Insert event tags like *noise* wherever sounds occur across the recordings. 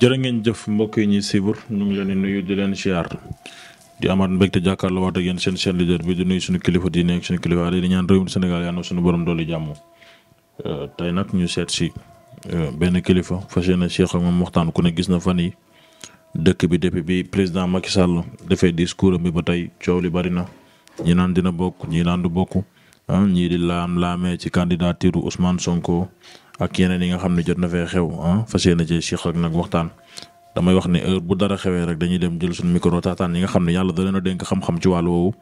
jërë ngeen jëf mbokk yi ñuy siibur ñu ngi leen di nuyu di leen siyaar di amaat mbégte jàkkaarloo waat ak yéen seen seen leader bi di nuyu suñu kilifa di nekk suñu kilifa di ñaan réewum Sénégal yàlla na suñu borom doole euh, tey nag ñu seet si euh, benn kilifa fas yéene Cheikh ak moom waxtaan ku ne gis na fan yi dëkk bi depuis bi président Macky Sall defee discours am bi ba tey coow li bari na ñi naan dina bokk ñi naan du bokk ah, ñii di laam laamee ci candidature Ousmane Sonko. ak yeneen yi nga xam ne jot na fee xew ah fas yéene ci Cheikh ak nag waxtaan damay wax ne heure bu dara xewee rek dañuy dem jël suñu micro taataan yi nga xam ne yàlla da leen a dénk xam-xam ci wàllu woowu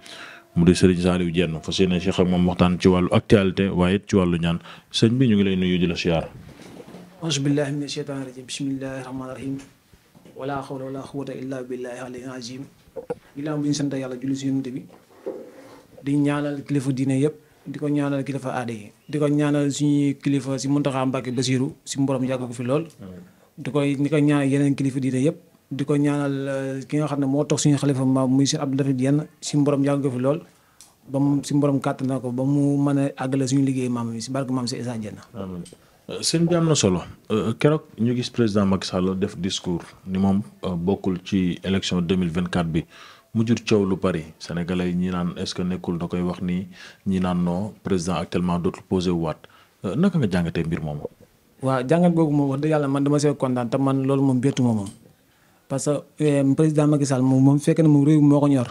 mu di Serigne Saliou Dieng fas yéene Cheikh ak moom waxtaan ci wàllu actualité waaye it ci wàllu ñaan sëñ bi ñu ngi lay nuyu di la siyaar. auzu billahi mina shaytaani rajim bismillahi rahmaani rahim xaw hawla wala quwwata illa billahi aliyil azim ginnaaw bi ñu sant yàlla julli si yonent di ñaanal kilifa diine yëpp di ko ñaanal kilifa aada yi di ko ñaanal suñuy kilifa si mun Muntaxa Mbàkke Basiru si mborom yàgg ko fi lool mm. di koy di ko ñaanal yeneen kilifa diine yëpp di ko ñaanal eh, ki nga xam ne moo toog suñu xalifa ma muy si ab Dafit yenn si mborom yàgg ko fi lool ba mu si mborom kàtt ko ba mu mën a àggale suñu liggéey maam bi si barke maam si Isa Jenn eh, sëñ bi am na solo eh, keroog ñu gis président Macky Sall def discours ni moom bokkul ci élection 2024 bi mu jur coow lu bari sénégalais yi ñi naan est-ce nekkul da koy wax nii ñi naan non président actuellement dootul posé wu waat euh, naka nga jàngatee mbir moom waa jàngat googu moom wax dëgg yàlla man dama see kontaan te man loolu moom bettu moom parce que euh, président Macky Sall moom moom fekk na moom réew moo ko ñor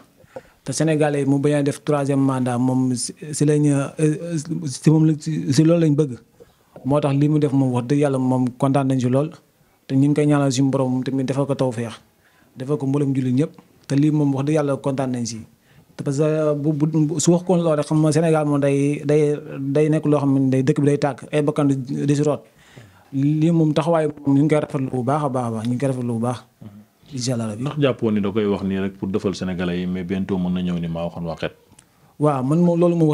te sénégalais mu bañ a def troisième mandat moom si euh, lañ si moom si loolu lañ bëgg moo tax lii mu def moom wax dëgg yàlla moom kontaan nañ si lool te ñu ngi koy ñaanal suñu borom tamit defal ko tawfeex defal ko mboolem jullit ñëpp. te lii moom wax dëgg yàlla kontaan nañ si. parce que euh, bu bu su wax koon loolu rek xam day day nekk loo xam ne day dëkk bi day tàkk lii moom taxawaay moom ñu ngi koy a baax a baax ñu ngi baax. incha allah ndax jàppoon ni da koy wax nii rek pour defal sénégalais yi mais bientôt mën na ñëw ni maa waxoon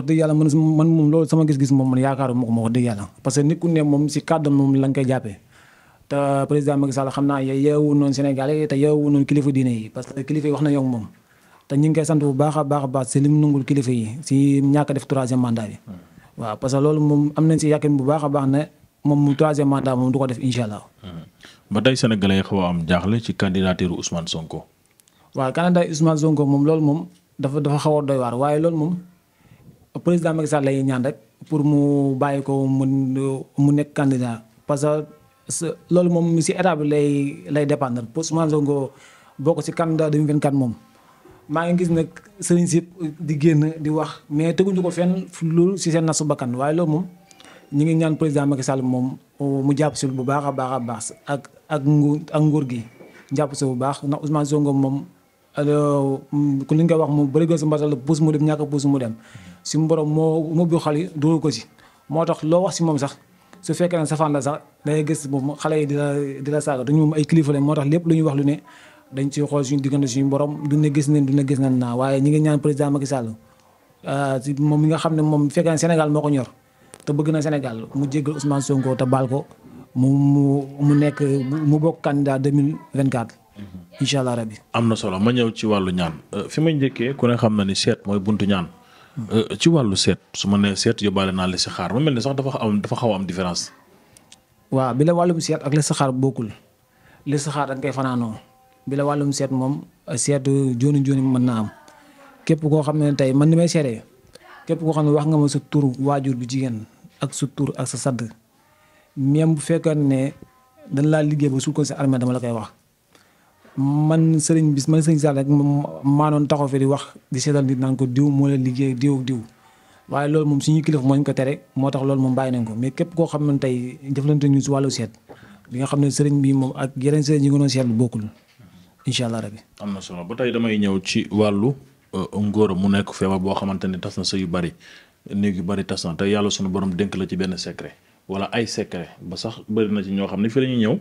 yàlla man moom loolu sama gis-gis moom man yaakaaruma ko ma moom si koy jàppee te président Macky Sall xam naa yeewu noonu Sénégal yi te yeewu noonu kilifa diine yi parce que kilifa yi wax na yow moom te ñu ngi sant bu baax a baax a baax si lim nungul kilifa yi si ñàkk a def troisième mandat bi. Hmm. waaw parce que loolu moom am nañ si yàqin bu baax a baax ne moom troisième mandat moom du ko def incha allah. Hmm. ba tey sénégalais yi a am jaaxle ci candidature Ousmane Sonko. waaw candidat Ousmane Sonko moom loolu moom dafa dafa xaw a sa loolu moom si état bi lay lay dépendre pour Ousmane Sonko bokk si candidat 2024 moom maa ngi gis nag sëriñ si di génn di wax mais teguñu ko fenn loolu si seen nasu bakkan waaye loolu moom ñu ngi ñaan président Macky Sall moom mu jàpp sul bu baax a baax a baax ak ak nguur nguur gi jàpp si bu baax ndax Ousmane Sonko moom ku li ñu koy wax mu bëri gën si mbasal puus mu dem ñàkk puus mu dem si mboroom moo moo bi xal yi ko si moo tax loo wax si moom sax su fekkee ne safaan la sax dangay gis moom xale yi di la di la saaga dañu moom ay kilifa moo tax lépp lu ñuy wax lu ne dañ ciy xool suñu diggante suñu borom du ne gis nañ du gis nañ naa waaye ñi ngi ñaan président Macky Sall si euh, moom mi nga xam ne moom fekkee ne Sénégal moo ko ñor te bëgg na Sénégal mu jéggal Ousmane Sonko te baal ko mu mu mu nekk mu bokk candidat 2024. Mhm. incha allah rabi. am na solo ma ñëw ci wàllu ñaan euh, fi ma njëkkee xam na ni seet mooy buntu ñaan. Euh, ci wàllu seet su ma nee seet yóbbaale naa li si xaar ma mel ne sax dafa am dafa xaw am différence. waaw bi la wàllum seet ak li si xaar bokkul li si xaar da koy fanaanoo bi la wàllum seet moom euh, seet jooni jooni mën naa am képp koo xam ne tey man ni may seetee képp koo xam ne wax nga ma sa tur waajur bi jigéen ak sa tur ak sa sadd même bu fekkee ne dañ laa liggéey ba suul ko si armée dama la koy wax. man sëriñ bi man sëriñ Sall rek maa doon taxaw fi di wax di seetal nit naan ko diw moo la liggéey diw ak diw waaye loolu moom suñu kilifa moo ñu ko tere moo tax loolu moom bàyyi nañ ko mais képp koo xam ne tey jëflante ñu si wàllu seet li nga xam ne sëriñ bi moom ak yeneen sëriñ yi nga doon seetlu bokkul incha allah rabi. am na solo ba tey damay ñëw ci wàllu euh, ngóor mu nekk feebar boo xamante ne tas na sa yu bari néeg yu bari tas na te yàlla suñu borom dénk la ci benn secret wala ay secret ba sax bëri na ci ñoo xam ne fii la ñuy ñëw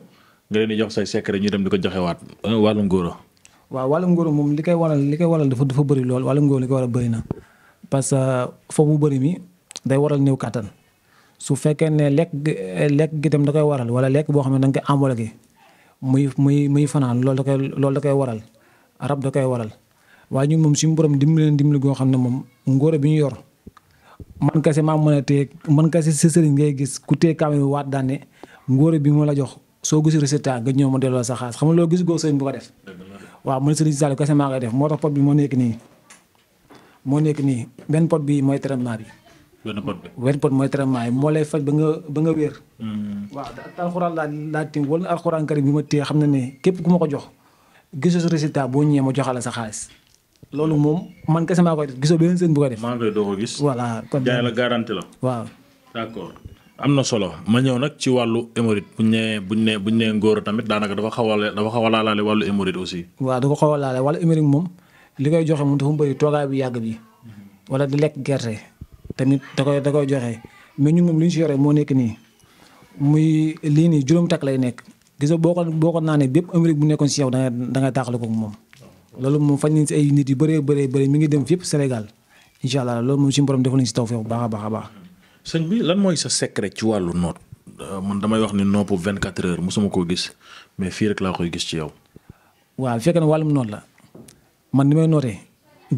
nga leen di jox say secret ñu dem di ko joxe joxewaat eh, wàllum ngóora. waaw wàllum ngóora moom li koy waral li koy waral dafa dafa bëri lool wàllum ngóora li koy waral bëri na parce que foofu mu bëri mi day waral néew kàttan su fekkee ne lekk eh, lekk gi da koy waral wala lekk boo xam ne da koy emballé muy muy muy fanaan loolu da koy loolu da koy waral rab da koy waral waaye ñun moom suñu borom dimbali leen dimbali goo xam ne moom ngóora bi ñu yor man kese ma mën a téye man kese si sëriñ ngay gis ku téye kaamil waat daan ngóora bi mu la jox soo gis résultat nga ñëw ma delloo sa xam nga loolu gis goo sëñ bu ko def waaw man sëriñ Saliou kese maa koy def moo tax moo nekk nii benn pot bi mooy traitement bi wenn pot mooy traitement yi moo lay faj ba nga ba nga wér hmm. waaw alxuraan laa laa wala alxuraan bi ma téye xam na ne képp ku ma ko jox gisoo sa résultat boo ñëwee ma joxala sa xaalis loolu moom man kese maa koy def gisoo beneen sëñ bu ko def maa ngi koy la garanti la waaw am na solo ma ñëw nag ci wàllu hémorroïde bu nee bu ñu nee ngóor tamit daanaka dafa xaw a dafa xaw a laalaale wàllu hémorroïde aussi. waaw dafa xaw a laalaale wàllu moom li koy joxe moom dafa bëri toogaay bu yàgg bi wala di lekk gerte tamit da koy da koy joxe mais ñun moom li ñu si moo nekk nii muy lii nii juróom takk lay nekk gis nga boo ko boo ko naanee bépp bu nekkoon si yow da ngay da ngay ko moom. loolu moom fañ nañ nit yu bëree bëree bëri mi ngi dem fépp Sénégal incha allah loolu moom suñu borom defal nañ si taw bu baax a baax a baax sëñ bi lan mooy sa secret ci wàllu noot euh, man damay wax ni nopp 24 heures mosuma koo gis mais fii rek laa koy gis ci yow. waaw fekk na ne wàllum noot la man ni may nootee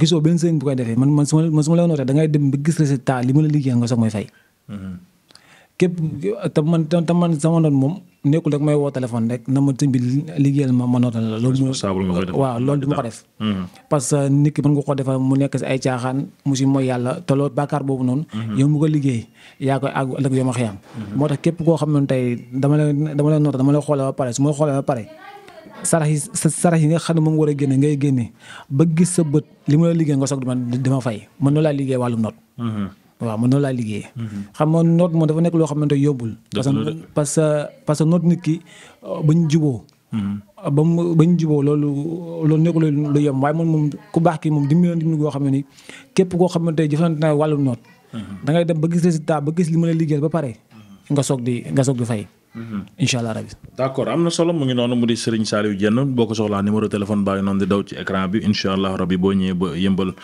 gisoo benn sëñ bu koy defee man man su ma la nootee da ngay dem ba gis résultat li ma la liggéey nga soog may fay. Mhm. képp te man te man sama noon moom nekkul rek may woo téléphone rek na ma sëñ bi liggéeyal ma ma nootal la. loolu waaw loolu du ma ko def. Mm-hmm. parce que nit ki mën nga ko defal mu nekk si ay caaxaan mu si mooy yàlla te loolu bàkkaar boobu noonu. Mm-hmm. yow mu ko liggéey yaa koy àgg ëllëg yow ma mm-hmm. képp koo xam ne tey dama la dama la nootal dama la xoolee ba pare su ma xoolee ba pare. sarax sa sarax nga xam ne moom war a génne ngay génne ba gis sa bët li ma la liggéey nga soog dama dama fay man noonu laa liggéey wàllum noot. waaw man noonu laa liggéeyee. Mhm. xam nga noot moom dafa nekk loo xamante yóbbul. parce que parce que parce que noot nit ki euh, bañ juboo mhm. ba mu bañ juboo loolu loolu nekkul lu yem waaye man moom ku baax ki moom dimbali na dimbali goo xam ne ni képp koo xamante ne jëfandikoo naa wàllu noot. Mhm. da ngay dem ba gis résultat ba gis li mën a liggéeyal ba pare. nga soog di nga soog di fay. incha allah rabi. d' am na solo mu ngi noonu mu di Serigne Saliou Dieng boo ko soxlaa numéro téléphone baa ngi noonu di daw ci écran bi incha allah rabi boo ñëwee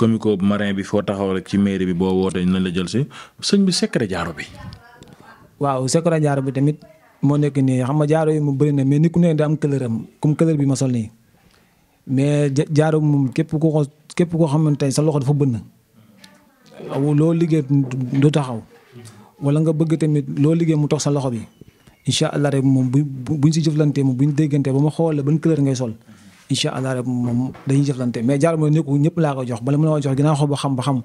comico marin bi foo taxaw rek ci mairie bi boo wootee nañ la jël si sëñ bi secret jaaro bi. waaw secret jaaro bi tamit moo nekk nii xam nga jaaro yi mu bëri na mais ni ku ne da am couleur am comme couleur bi ma sol nii mais jaaro moom képp ko képp koo xamante ne sa loxo dafa bënn waaw loo liggéey du taxaw wala nga bëgg tamit loo liggéey mu toog sa loxo bi incha allah rek moom bu bu buñ si jëflantee moom buñ déggante ba ma xool la ban couleur ngay sol. incha allah rek moom dañuy jëflante mais jaar mooy nekku ñëpp laa ko jox bala mënoo jox ginnaaw xool xam ba xam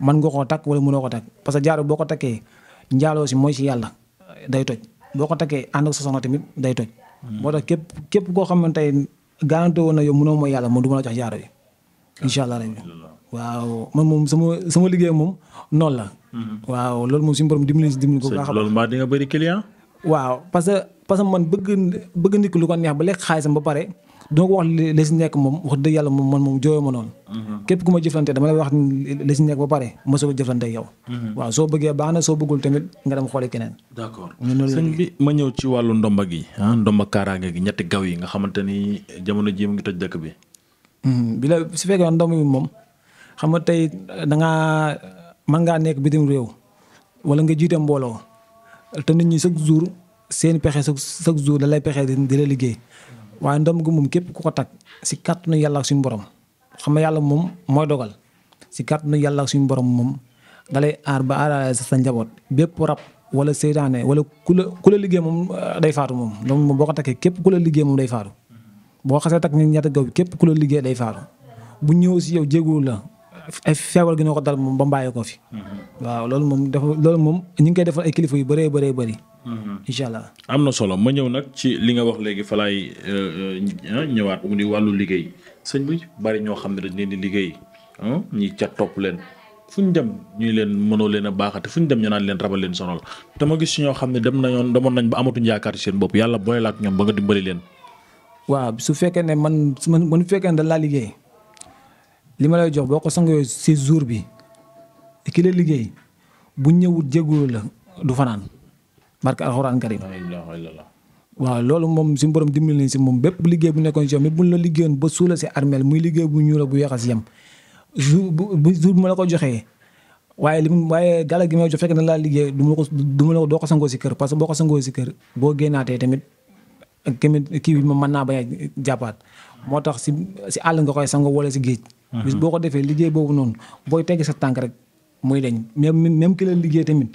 man nga koo takk wala mënoo ko takk parce mooy si yàlla day toj boo ko takkee ànd ak sa soxna tamit hmm. moo tax képp képp koo xam ne tey garanté woon na yow mënoo yàlla ma la jox jaaro bi incha allah rek waaw man moom moom noonu la hmm. waaw loolu moom suñu borom dimbali si dimbali ko baax loolu mbaa di nga bëgg bëgg nit lu ko neex ba lekk xaalisam ba pare duma ko wax li si nekk moom wax dëgg yàlla moom man moom jooyoo manoon noonu mhm. képp ku ma jëflante dama lay wax la si nekk ba pare ma soo a jëflante yow mhm. waaw soo bëggee baax na soo bëggul tamit nga dem xoole keneen d'accord sëñ bi ma ñëw ci wàllu ndomba gi ah ndomba gi ñetti gaw yi nga xamante ni jamono ji mu ngi toj dëkk bi mhm. su fekkee ndomb bi moom xam nga tey dangaa man ngaa nekk bitim réew wala nga jiite mbooloo te nit ñi chaque jour seen pexe chaque jour da lay pexe di la liggéey waaye ndomb gi moom képp ku ko takk si kàttanu yàlla ak suñu borom xam nga yàlla moom mooy dogal si na yàlla ak suñu borom moom dalay aar ba aar sa njaboot bépp rab wala seytaane wala ku la ku la liggéey moom uh, day faatu moom ndomb boo ko takkee képp ku la liggéey moom day faatu. boo xasee takk ñu ñett gaw bi képp ku la liggéey day faatu bu ñëw si yow jéegul la ay feebar gi noo ko dal moom ba mbàyyi ko fi. Mm-hmm. waaw loolu moom dafa loolu moom ñu ngi koy defal ay kilifa yu bëree bëree bari Mhm. incha allah. am na solo ma ñëw nag ci li nga wax léegi fa laay euh, euh, ñëwaat mu di wàllu liggéey sëñ bi bari ñoo xam ne dañ leen di liggéey ah, ñi ca topp leen fu ñu dem ñu leen mënoo leen a baaxate fu ñu dem ñu naan leen rabal leen sonal te ma gis si ñoo xam ne dem nañoon demoon nañ ba amatuñ yaakaar seen bopp yàlla boole ak ñoom ba nga dimbali leen. waaw su fekkee ne man su man bu fekkee ne da laa liggéey li ma lay jox boo ko sangoo si jour bi ki la liggéey bu ñëwut jégalu la du fanaan barke alxuraan karim waaw loolu moom suñu borom dimbali nañ si moom bépp liggéey bu nekkoon si yow même buñ la liggéeyoon ba suula si armeel muy liggéey bu ñuul bu yeexas yem jour bu jour bu ma la ko joxee waaye li gi ma jox fekk na laa liggéey du ma ko du ma la ko doo ko sangoo si kër boo ko sangoo si kër génnaatee tamit kii bi ma mën naa ba a moo tax si si àll nga koy sangoo wala si géej mhm. bis boo ko boobu noonu boo tegg sa tànk rek muy dañ même même ki la liggéey tamit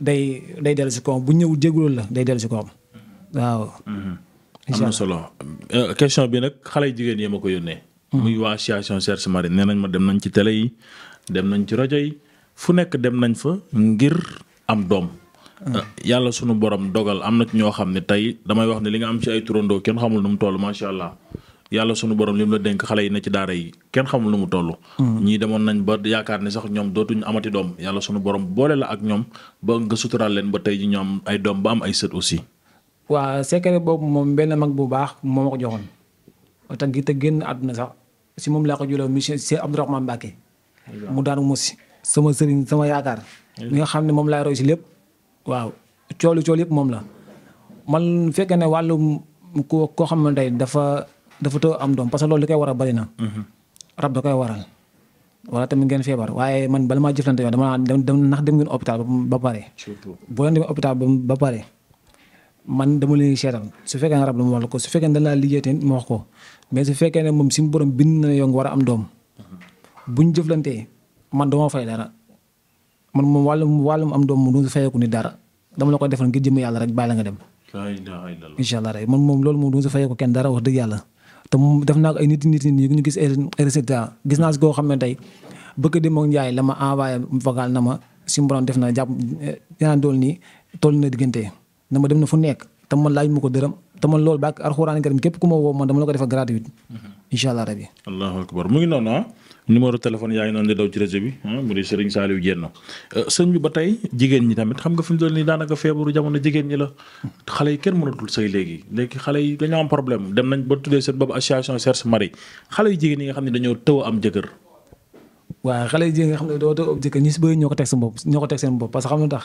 day day dellu si kawam bu ñëw jégalu la day dellu si kawam waaw. Mm-hmm. am na solo euh, question bi nag xale jigéen yee ma ko yónnee. Mm-hmm. muy waa association Cherche Marie nee nañ ma dem nañ ci télé yi dem nañ ci rajo yi fu nekk dem nañ fa ngir am doom. Mm. Euh, yàlla sunu borom dogal am na ñoo xam ne tey damay wax ne li nga am ci ay turandoo kenn xamul nu mu toll macha allah. yàlla sunu borom lim la dénk xale yi na ci daara yi kenn xamul lu mu toll. Mm. ñii demoon nañ ba yaakaar ne sax ñoom dootuñu amati doom yàlla sunu borom boole la ak ñoom ba nga suturaal leen ba tey ñoom ay doom ba am ay sët aussi. waaw secret boobu moom benn mag bu baax moo ma ko joxoon te gi te génn àdduna sax si moom laa ko jëloo monsieur Cheikh Abdourahmane Mbacké mu daan mos sama sëriñ sama yaakaar. li nga xam ne moom laay roy si lépp. waaw coolu coolu yëpp moom la man fekkee ne dafa too am doom parce que loolu li koy waral bari na. Mhm. rab da koy waral. wala tamit ngeen feebar waaye man bala maa jëflante yow dama dem dem ndax dem ngeen hôpital ba pare. boo leen demee hôpital ba pare man dama leen seetal su fekkee ne rab la mu wax ko su fekkee ne dañ laa ko mais su fekkee ne moom borom bind na yow war am doom. Mhm. bu ñu jëflantee man dama fay dara man moom wàllum wàllum am doom mu du fayeeku ni dara dama yàlla rek bàyyi nga dem. incha allah rek man moom loolu moom du fayeeku kenn dara wax dëgg yàlla. te mu def naa ko ay nit nit nit ñu gis ay résultat gis naa si koo xam ne tey bëgg di moom Ndiaye la ma envoyé vocal na ma si mbooloo def na jàpp yaa dool nii toll na diggante na ma dem na fu nekk te ma laaj ma ko dërëm te man lool ba ak alxuraan karim képp ku ma woo ma dama la ko defal gratuite. Mm-hmm. incha allah rabi. allahu akbar mu ngi noonu ah numéro téléphone yaa ngi noonu di daw ci réseau bi ah, mu di Serigne Saliou Diène euh, sëñ bi ba tey jigéen ñi tamit xale yi kenn mënatul sëy léegi léegi xale yi dañoo am problème dem nañ ba tuddee seen boobu association Cherche Marie xale yu jigéen yi nga xam ne dañoo tëw am jëkkër. waaw xale yu jigéen nga xam ne doo tëw am jëkkër ñi si bëri ñoo ko teg seen bopp ñoo ko teg seen bopp parce que xam nga tax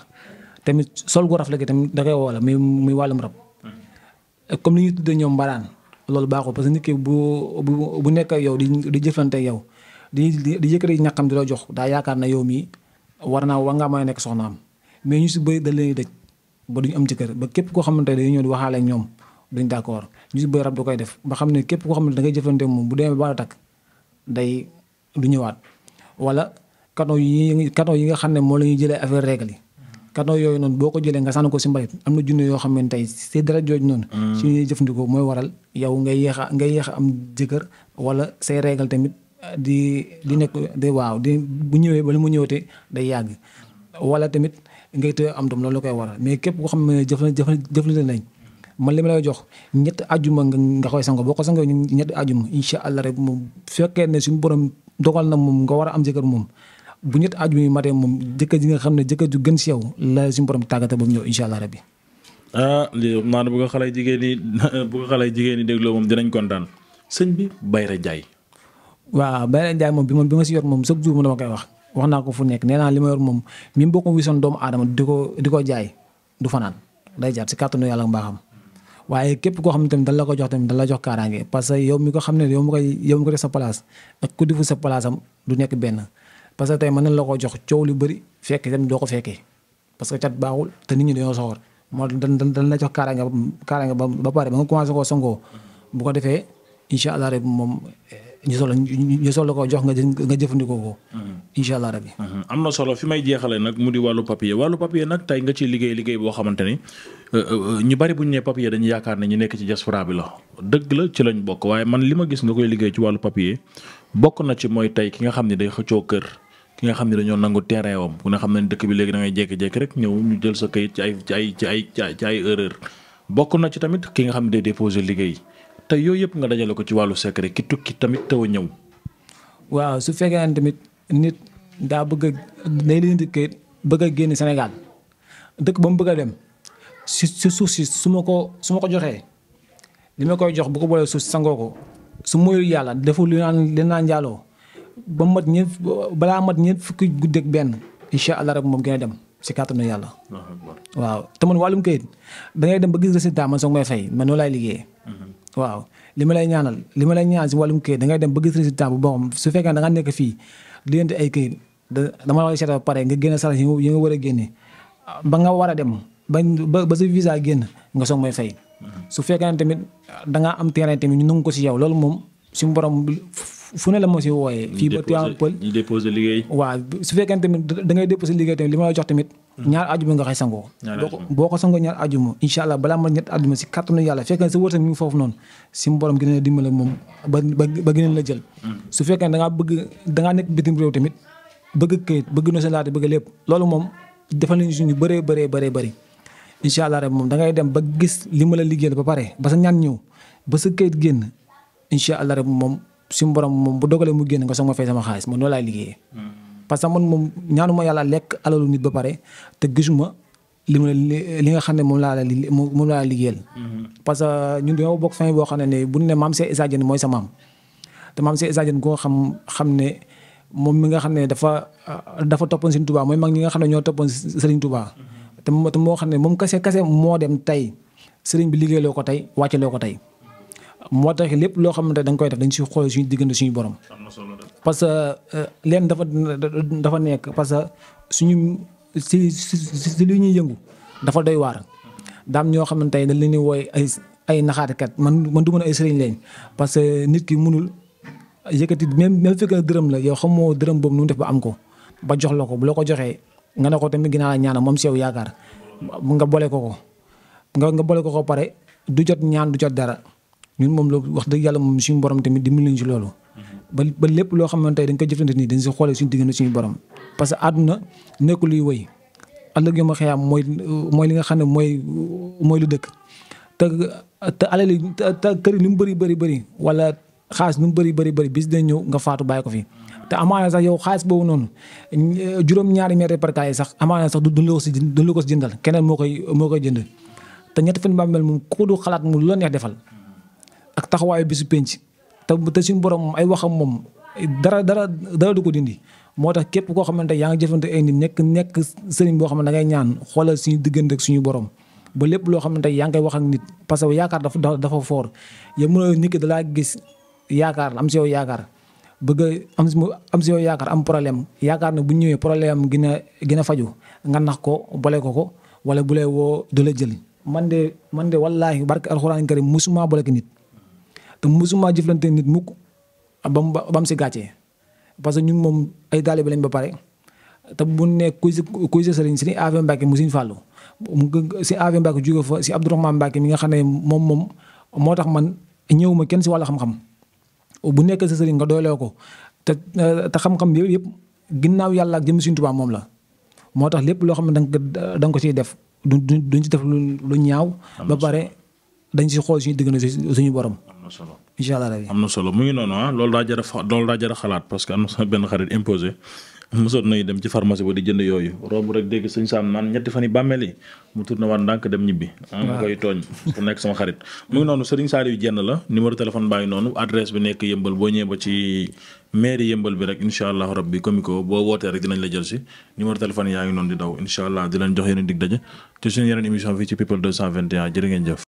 tamit sol gu rafet tamit da koy wala muy muy wàllum rab hmm. loolu baaxul parce que nit ki bu bu bu nekk ak yow di di jëflante yow di di yëkkati ñàkkam di la jox daa yaakaar na yow mii war naa war ngaa mën a nekk soxnaam mais ñu si bëri da leen dëj ba duñ am ci kër ba képp koo xamante ne dañuy ñëw di ñoom duñ d'accord ñu si bëri koy def ba xam ne képp koo xam ne da ngay jëflante moom bu demee ba la takk day du ñëwaat wala kano yi kano yi nga xam ne moo la ñuy jëlee affaire règle yi kado yooyu noonu boo ko jëlee nga sànni ko si mbalit am na junne yoo xam ne tey si dara jooj noonu. Mm. si ñuy jëfandikoo mooy waral yow ngay yéex a ngay yéex a am jëkkër wala say régal tamit di di nekk di waaw di bu ñëwee ba bala mu ñëwatee day yàgg. wala tamit ngay tëye am doom loolu la koy waral mais képp koo xam ne jëfandikoo nañ. man li ma lay jox ñetti ajuma nga koy sango boo ko sangoo ñetti ajuma incha allah rek moom fekkee ne suñu borom dogal na moom nga war a am jëkkër moom. bu ñett aaju mi matee moom jëkkër ji nga xam ne jëkkër ju gën si yow la suñu borom tàggate ba mu ñëw incha allah rabbi. ah lii naa ne bu ko xale jigéen ñi *laughs* bu ko xale jigéen ñi dégloo moom dinañ kontaan sëñ bi Bayra Ndiaye. waaw Bayra Ndiaye moom bi man bi ma si yor moom chaque jour ma dama koy wax wax naa ko fu nekk nee naa li ma yor moom mi mu bokk wisoon doomu aadama di ko di ko jaay du fanaan day jaar si kàttanu yàlla mbaaxam waaye képp koo xam ne tamit dañ la ko jox tam dañ jox kaaraange parce que yow mi ko xam ne yow mi koy yow mi ko def sa place sa place am du nekk benn parce que tey mën nañ la ko jox coow lu bëri fekk dem doo ko fekkee parce que cat baaxul te nit ñi dañoo soxor moo dan dan na jox kaaraange kaaraange ba pare ba nga commencé koo songoo bu ko defee incha allah rek moom eh, ñu soxla ñu soxla ko jox nga nga jëfandikoo ko. Mm-hmm. incha allah mm-hmm. am na solo fi may jeexalee nag mu di wàllu papier wàllu papier nag tey nga ci liggéey liggéey boo xamante ni euh, euh, ñu bari bu ñu nee papier dañu yaakaar ne ñu nekk ci diaspora bi la dëgg la ci lañ bokk waaye man li ma gis nga koy liggéey ci wàllu papier bokk na ci mooy tey ki nga xam ne day xëccoo kër ki nga xam ne dañoo nangu terrain wam ku nga xam ne dëkk bi léegi da ngay jékki-jékki rek ñëw ñu jël sa kayit ci ay ci ay ci ay ci bokk na ci tamit ki nga xam ne day déposé liggéey te yooyu yëpp nga dajale ko ci wàllu secret ki tukki tamit taw a ñëw. waaw su fekkee tamit nit daa bëgg a day lijjanti kayit bëgg a génn Sénégal dëkk ba mu bëgg a dem si si suuf si su ma ko su ma ko joxee li ma koy jox bu ko boolee suuf si sangoo ko su moyul yàlla deful li naan li naa njaaloo ba mat ñeent balaa mat ñeent fukki guddeeg benn incha allah rek moom gën a dem si kàttanu yàlla. waaw te man wàllum kayit da ngay dem ba gis résultat man soog may fay man noonu laay mhm. li ma lay ñaanal li ma lay si wàllum kayit da ngay dem ba gis résultat bu boppam su fekkee da nga nekk fii di leen ay kayit da dama la war a seetal ba pare nga génne sarax yi nga war a génne ba nga war a dem ba ba sa visa génn nga soog may fay. Mhm. su fekkee ne tamit da ngaa am terrain tamit ñu nangu ko si yow fu ne la moo si wooyee fii ba Tivaouane Peulh liggéey waaw su fekkee tamit da ngay déposé liggéey tamit li ma la jox tamit hmm. ñaar ajuma nga xay sangoo boo ko sangoo ñaar ajuma incha allah balaa ma ñett ajuma si kàttanu yàlla fekkee sa wërsëg mi ngi foofu noonu si borom gën a dimbale moom ba ba gën a la jël hmm. su fekkee bëgg da ngaa nekk bitim réew tamit bëgg këyit bëgg na sa laate bëgg lépp loolu moom defal nañu suñu bëree bëree bëree bëri incha allah rek moom dangay dem ba gis li ma la liggéeyal ba pare ba sa ñaan ñëw ba sa këyit génn incha allah rek moom suñu borom moom bu dogalee mu génn nga soog ma fay sama xaalis man noonu laay liggéeyee. parce que man moom ñaanuma yàlla lekk alalu nit ba pare te li ma li nga xam ne moom laa la moom laa la liggéeyal. Mm-hmm. parce que ñun dañoo bokk boo xam bu ne maam Cheikh Issa mooy sa maam te maam Cheikh Issa Diène xam ne moom mi nga xam ne dafa dafa toppoon Serigne Touba mooy mag ñi nga xam ne ñoo toppoon Serigne Touba. Mm-hmm. te moo xam ne moom kase kase moo dem tey Serigne bi liggéeyaloo ko tey wàcce loo ko tey. moo tax lépp loo xamante dañ koy def dañ siy xool suñu diggante suñu borom. parce que euh, leen dafa dafa nekk parce que suñu si si si li ñuy yëngu dafa doy waar. daam ñoo xamante ne dañ leen di wooy ay ay naxaatikat man man du mën ay sëriñ leen parce que nit ki mënul yëkkati même même fekkee dërëm la yow xamoo dërëm boobu nu def ba am ko. ba jox la ko bu la ko joxee nga ne ko tamit ginaa la ñaanal moom si yow yaakaar nga boole ko ko nga nga boole ko ko pare du jot ñaan du jot dara. ñun moom loolu wax dëgg yàlla moom suñu borom tamit dimbali nañu si loolu. ba lépp loo xam ne tey dañ ko jëflante nii dañ si xoolee suñu diggante suñu borom. parce que àdduna nekkul luy wëy ëllëg yom a xëyaam mooy mooy li nga xam ne mooy mooy lu dëkk te te alal yi te kër yi lu mu bëri bëri bëri wala xaalis lu mu bëri bari bëri bis dañ ñëw nga faatu bàyyi ko fi. te amaana sax yow xaalis boobu noonu juróom-ñaari mètre par yi sax amaana sax du duñ la ko si duñ la ko si jëndal keneen moo koy moo koy jënd te ñetti fan bàmmeel moom ku du xalaat mu lu la neex defal ak taxawaayu bisu penc te te suñu borom moom ay waxam moom dara dara dara du ko dindi. moo tax képp koo xamante yaa ngi jëfante ay nit nekk nekk sëriñ boo xam ne da ngay ñaan xoolal suñu diggante suñu borom ba lépp loo xamante yaa ngi koy wax ak nit parce que yaakaar dafa dafa fort yow a nit ki dalaa gis yaakaar am si yow yaakaar bëgg am si am yaakaar am problème yaakaar ne bu ñëwee problème am gën a a faju nga nax ko bole ko ko wala bu lay woo du la jël man de man de wallaahi barke alxuraan karim musuma bole ki nit te mosuma jëflante nit mukk ba mu ba bam si gàccee parce que ñun moom ay taalibe lañ ba pare te bu ne kuy si kuy si sëriñ si Ave Mbacke mu Sëriñ si Ave Mbacke jóge fa si Abdourahmane Mbacke mi nga xam ne moom moom moo tax man ñëw ma kenn si walla xam-xam bu nekk si sëriñ nga doyloo ko te te xam-xam yëpp ginnaaw yàlla ak jëm Sëriñ Tuubaa moom la moo tax lépp loo xam ne danga nga ko da nga ko ciy def duñ du ci def lu ñaaw ba pare dañu si xool suñu diggante suñu borom. am na solo am na solo mu ngi noonu ah loolu daa jar a loolu daa jar xalaat parce que am na sama benn xarit imposé mosoon nañu dem ci pharmacie ba di jënd yooyu romb rek dégg sëñ Saam naan ñetti fan yi bàmmeel mu tourné waat ndànk dem ñibbi. Ah, nekk sama xarit. mu ngi noonu Serigne Saliou Dieng la numéro téléphone baa ngi noonu adresse bi nekk yëmbal boo ñëwee ba ci mairie yëmbal bi rek incha allah rabbi comico boo wootee rek dinañ la jël si di